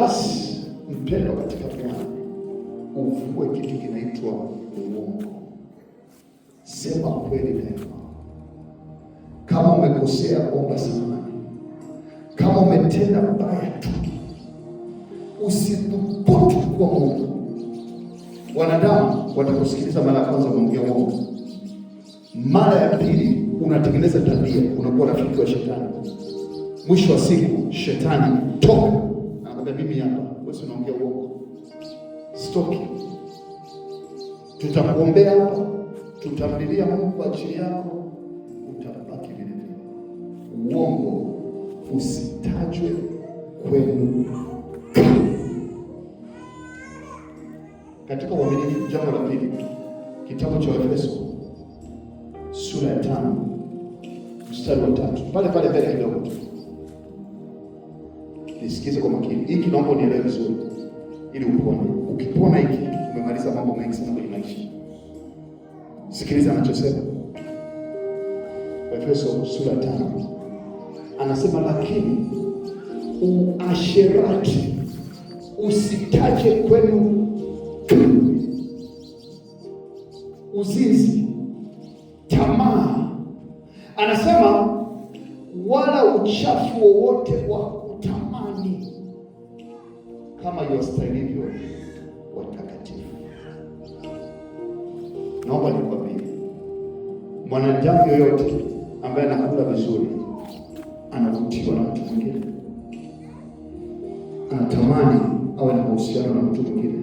Basi mpendo katika Bwana, uvue kitu kinaitwa uongo. Sema kweli leo. Kama umekosea, omba samahani. Kama umetenda mbaya, tubu. Usithubutu kuwa Mungu. Wanadamu watakusikiliza mara ya kwanza, unaongea uongo. Mara ya pili unatengeneza tabia, unakuwa rafiki wa shetani. Mwisho wa siku, shetani toka mimi hapa, wewe unaongea uongo. Stop. Tutakuombea hapa, tutamlilia Mungu kwa ajili yako, utabaki vile vile. Uongo usitajwe kwenu. Katika uaminifu, jambo la pili, kitabu cha Efeso sura ya tano mstari wa tatu pale pale mbele kidogo tu nisikize kwa makini. Hiki naomba unielewe vizuri ili upone. Ukipona hiki umemaliza mambo mengi sana kwenye maisha. Sikiliza anachosema Efeso sura tano, anasema lakini uasherati usitaje kwenu uzizi uzinzi, tamaa, anasema wala uchafu wowote wa kama iwastahilivyo watakatifu. Naomba nikwambie, mwanajamu yoyote ambaye anakula vizuri anavutiwa na mtu mwingine, anatamani awe na mahusiano na mtu mwingine,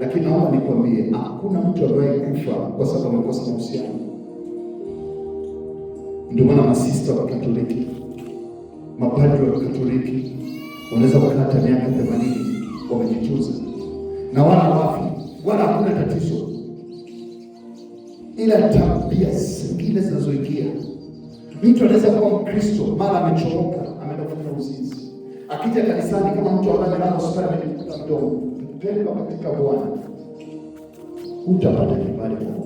lakini naomba nikwambie, hakuna mtu ambaye kufa kwa sababu amekosa mahusiano. Ndio maana masista wa Katoliki, mapadri wa Katoliki Unaweza kukaa hata miaka themanini wamejitunza na wana wafi, wala hakuna tatizo, ila tabia zingine zinazoingia. Mtu anaweza kuwa Mkristo, mara amechomoka ameenda kufanya uzinzi, akija kanisani kama mtu ambaye amelala hospitali amejikuta mdomo. Mpendwa katika Bwana, utapata kibali kwa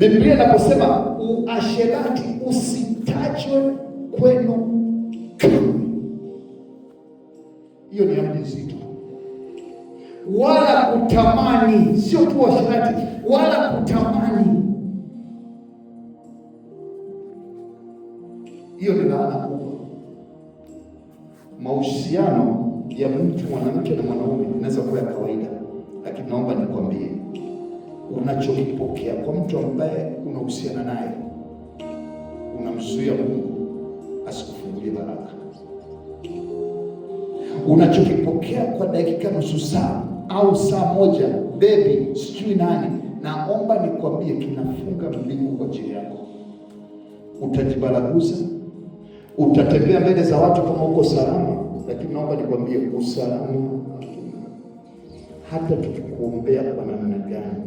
Biblia inaposema uasherati usitajwe kwenu hiyo ni amri nzito. Wala kutamani, sio tu washirati, wala kutamani. Hiyo ni laana kubwa. Mahusiano ya mtu mwanamke na mwanaume inaweza kuwa ya kawaida, lakini naomba nikwambie, unachokipokea kwa mtu ambaye unahusiana naye unamzuia Mungu unachokipokea kwa dakika nusu saa au saa moja, bebi, sijui nani, naomba nikwambie, kinafunga mbingu kwa ajili yako. Utajibaraguza, utatembea mbele za watu kama uko salama, lakini naomba nikwambie, usalama hata tukikuombea kwa namna gani,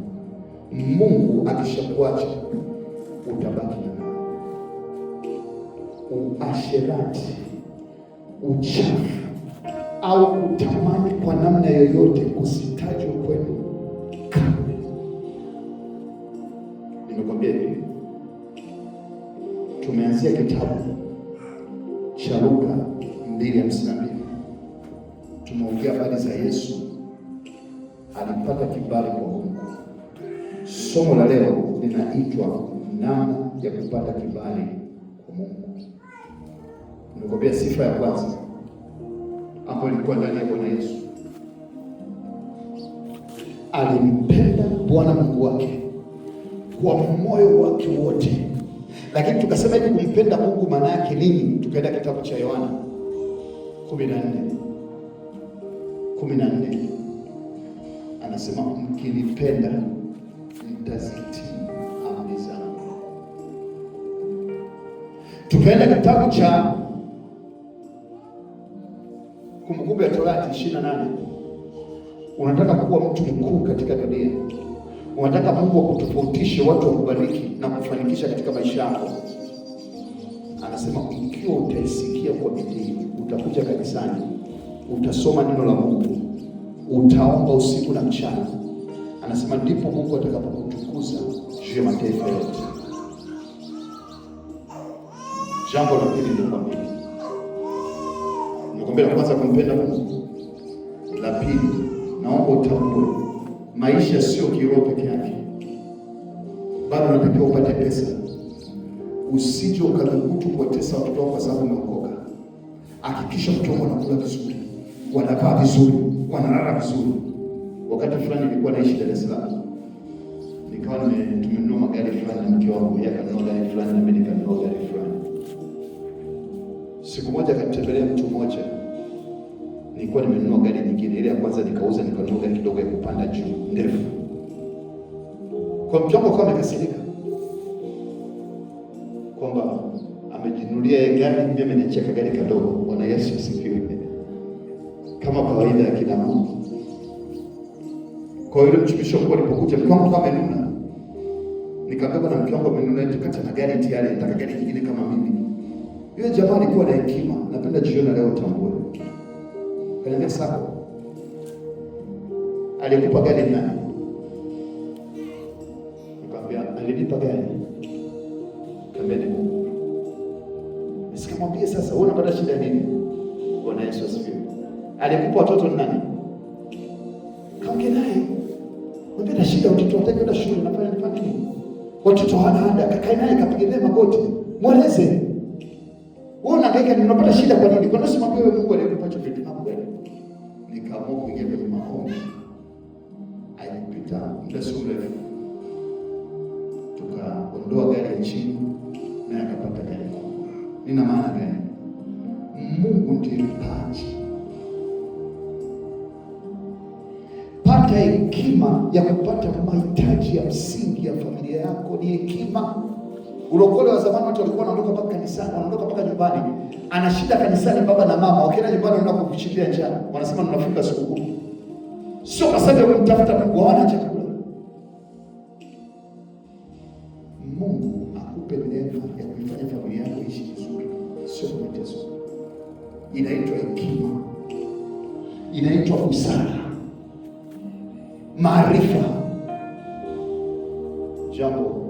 Mungu akishakuacha utabaki na uasherati, uchafu au kutamani kwa namna yoyote kusitajwa kwenu kamwe. Nimekwambia hivi, tumeanzia kitabu cha Luka mbili. tumeongea habari za Yesu alipata kibali kwa Mungu. Somo la leo linaitwa namna ya kupata kibali kwa Mungu. Nimekwambia sifa ya kwanza ambayo ilikuwa ndani ya Bwana Yesu. Alimpenda Bwana Mungu wake kwa moyo wake wote, lakini tukasema hivi, kumpenda Mungu maana yake nini? Tukaenda kitabu cha Yohana 14 14 anasema mkinipenda mtazitii amri zangu. Tukaenda kitabu cha Kumbukumbu ya Torati ishirini na nane. Unataka kuwa mtu mkuu katika dunia, unataka Mungu akutofautishe, watu wakubariki na kufanikisha katika maisha yako, anasema ikiwa utaisikia kwa bidii, utakuja kanisani, utasoma neno la Mungu, utaomba usiku na mchana, anasema ndipo Mungu atakapokutukuza juu ya mataifa yote. Jambo la pili ni kwamba Ombi la kwanza kumpenda Mungu. La pili, naomba utambue maisha sio kiroho peke yake, bado unatakiwa upate pesa. Usije ukadhubutu kuwatesa watoto wako kwa sababu umeokoka. Hakikisha watoto wako wanakula vizuri, wanavaa vizuri, wanalala vizuri. Wakati fulani nilikuwa naishi Dar es Salaam, nikawa tumenunua magari fulani na mke wangu, yeye akanunua gari fulani na mimi nikanunua gari fulani. Siku moja akamtembelea mtu mmoja nilikuwa nimenunua gari nyingine, ile ya kwanza nikauza, nikanunua gari kidogo ya kupanda juu ndefu. Kwa mke wangu akawa amekasirika kwamba amejinunulia ye gari, mimi amenicheka gari kadogo. Bwana Yesu asifiwe, kama kawaida ya kina mama. Kwa hiyo mchumisho kwa alipokuja mke wangu amenuna, nikabeba na mke wangu amenuna, tukata na gari tayari, nataka gari nyingine kama mimi. Yule jamaa alikuwa na hekima, napenda jiona leo tambue kwenye sako alikupa gari nani? Nikamwambia alinipa gari ni Mungu. Sikamwambia sasa, wewe unapata shida nini? Bwana Yesu asifiwe. Alikupa watoto nani? Kaongea naye mwambie, na shida watoto wataki kwenda shule, nafanya nifanye nini? Watoto hana ada. Kakae naye kapigilie magoti, mweleze wewe unahangaika, unapata shida kwa nini? Kwa nini usimwambie Mungu aliyekupa hicho kitu? nikaamua kuingia kwenye maombi. Alipita muda si mrefu, tukaondoa gari ya chini naye akapata gari kubwa. Nina maana gani? Mungu ndiye mpaji. Pata hekima ya kupata mahitaji ya msingi ya familia yako, ni hekima Ulokole wa zamani watu walikuwa wanaondoka mpaka kanisani, wanaondoka mpaka nyumbani. Anashinda kanisani baba na mama, wakienda nyumbani wanaenda kukuchindia njaa. Wanasema tunafunga sikukuu. Sio kwa sababu ya kumtafuta Mungu, hawana chakula. Mungu akupe neema ya kuifanya familia yako ishi vizuri, sio kwa mateso. Inaitwa hekima, inaitwa busara, maarifa. Jambo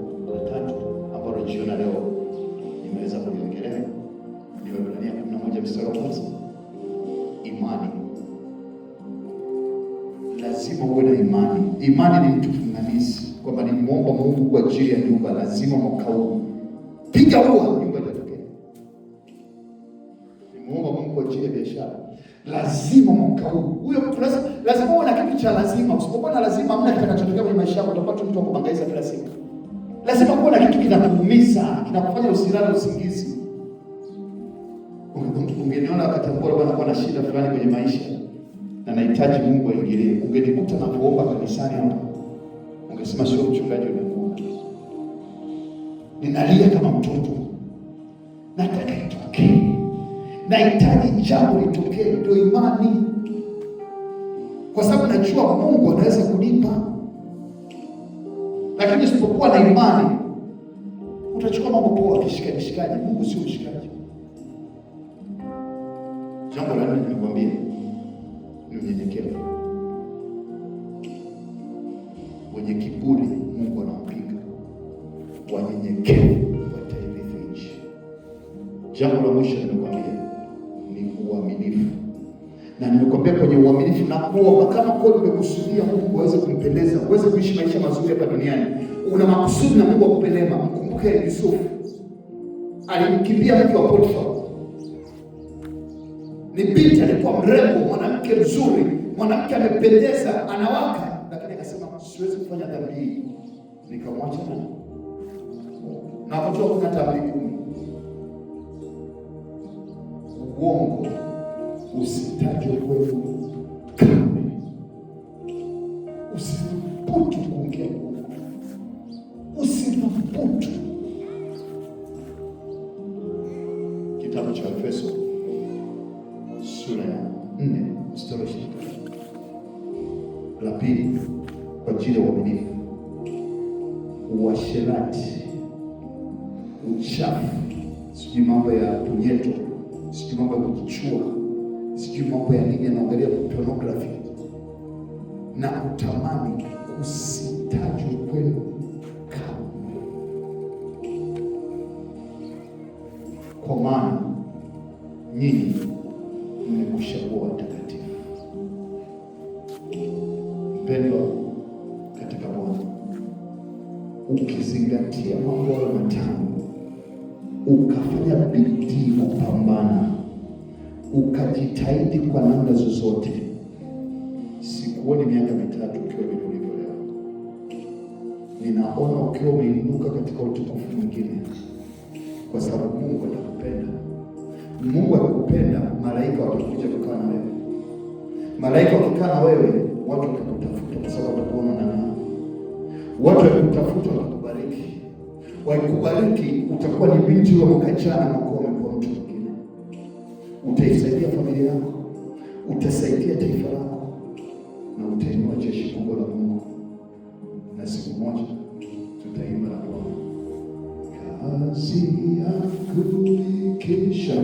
imani. Imani ni mtu funganizi, kwamba nimuomba Mungu kwa ajili ya nyumba, lazima mwaka huu piga ua, nyumba itatokea. Nimuomba Mungu kwa ajili ya biashara, lazima mwaka huu huyo mtu lazima uwe na kitu cha lazima. Usipokuwa na lazima, hamna kitakachotokea kwenye maisha yako. Utakuwa tu mtu wa kuhangaika kila siku. Lazima kuwa na kitu kinakuumiza, kinakufanya usilale usingizi. Ungeniona wakati ambao anakuwa na shida fulani kwenye maisha na nahitaji Mungu aingilie. Ungenikuta na kuomba kanisani hapo, ungesema sio mchungaji unaniona. Ninalia kama mtoto, nataka itokee, nahitaji jambo litokee, ndio imani, kwa sababu najua Mungu anaweza kunipa, lakini sipokuwa na imani utachukua mambo poa kishikanishikaji. Mungu sio mshikaji. Jambo la nne nimekuambia mnyenyekevu. Wenye kiburi Mungu anawapiga, wanyenyekevu watairithi nchi. Jambo la mwisho nimekwambia ni uaminifu, na nimekwambia kwenye uaminifu na kuomba, kama kweli umekusudia Mungu aweze kumpendeza, uweze kuishi maisha mazuri hapa duniani, una makusudi na Mungu akupendema. Mkumbuke Yusufu, alimkimbia mke wa Potifa ni binti alikuwa mrembo, mwanamke mzuri, mwanamke amependeza, anawaka, lakini akasema siwezi kufanya dhambi hii, nikamwacha na kujua kuna dhambi kumi. Uongo usitajwe kwetu. uasherati, uchafu, sijui mambo ya punyeto, sijui mambo ya kujichua, sijui mambo ya nini, anaangalia pornography na kutamani kusitajwe kwenu kamwe, kwa maana nyinyi kuwa watakatifu. ukizingatia mambo hayo matano, ukafanya bidii kupambana, ukajitahidi kwa namna zozote, sikuoni miaka mitatu ukiwa vile ulivyo leo. Ninaona ukiwa umeinuka katika utukufu mwingine, kwa sababu Mungu atakupenda. Mungu akikupenda, malaika watakuja kukaa na wewe. Malaika wakikaa na wewe, watu watakutafuta, kwa sababu watakuona na watu wakikutafuta watakubariki, wakikubariki utakuwa ni binti wa mkachana makuwa amekuwa mtu mwingine. Utaisaidia familia yako, utasaidia taifa lako, na utainua jeshi kubwa la Mungu, na siku moja tutaimba na Bwana kazi yakuikisha